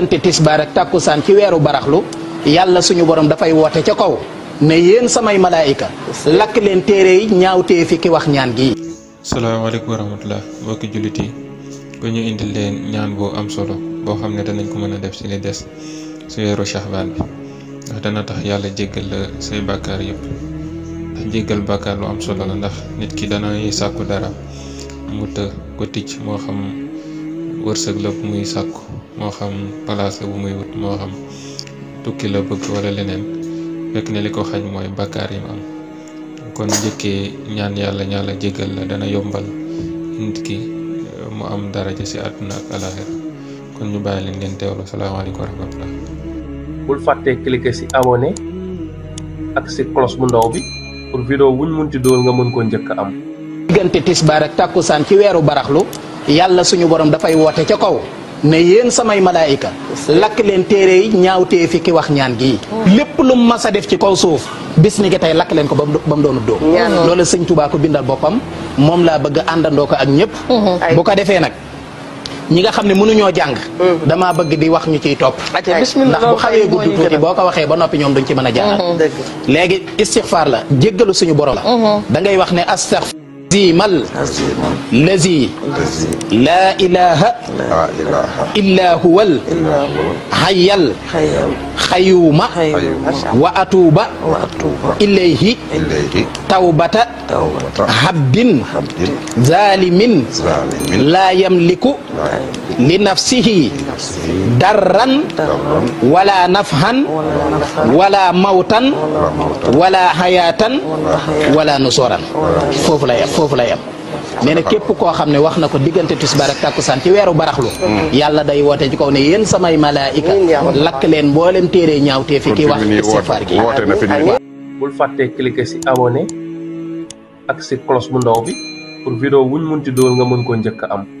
diggante tisbaar takku tàkkusaan ci weeru baraxlu yàlla suñu borom dafay woote ca kaw ne yéen samay malaayika lakk leen téere yi ñaawtee fi ki wax ñaan gi salaamaaleykum wa rahmatullah mbokki jullit yi ko ñu indil leen ñaan boo am solo boo xam ne danañ ko mën a def si li des si weeru Shahbaan bi dana tax yàlla jéggal la say bàkkaar yëpp ndax jéggal lu am solo la ndax nit ki danay sàkku dara mu të ko ticc moo xam wërsëg la muy sàkku moo xam place bu muy wut moo xam tukki la bëgg wala leneen fekk ne li ko xañ mooy bakkaar yi mu am kon njëkkee ñaan yàlla ñaala jégal la dana yombal nit ki eh, mu am daraja ci àdduna ak alaxira kon ñu bàyyi leen ngeen teewlu salaamaaleykum wa rahmatulah bul fàtte cliquer si abonné ak si cloche bu ndaw bi pour vidéo wuñ munti dóor nga mën ko njëkk am diggante tisbaar ak takkusaan ci weeru baraxlu yàlla suñu borom dafay woote ca kaw ne yéen samay malaayika lakk leen téere yi ñaaw tee fi ki wax ñaan gi lépp lu mas a def ci kaw suuf bis ni ki tey lakk leen ko ba mu doonu dóom loolu sëñ Tuubaa ko bindal boppam moom laa bëgg àndandoo ko ak ñëpp mm-hmm. bu ko defee nag ñi nga xam ne mënuñoo jàng mm-hmm. damaa bëgg di wax ñu ciy topp ndax bu xawee gudd tuuti boo ko ba noppi ñoom duñ ci mën jaar mm-hmm. léegi istixfaar la jéggalu suñu borom la da ngay wax ne astaxfir مل الذي لا إله إلا هو الحي الخيوم وأتوب إليه توبة حب ظالم لا يملك li nafsihi darran wala nafhan wala mawtan wala hayatan wala nusuran foofu la yem foofu la yem nee képp koo xam ne wax na ko diggante tisbaar ak takkusaan ci weeru baraxlu yàlla day woote ci kaw ne yéen samay malaayika lakk leen mboolem téere ñaawtee fi ki wax istifaar gi bul fàttee cliquer si abonné ak si cloche bu ndaw bi pour vidéo wuñ munti dool nga mën koo njëkk am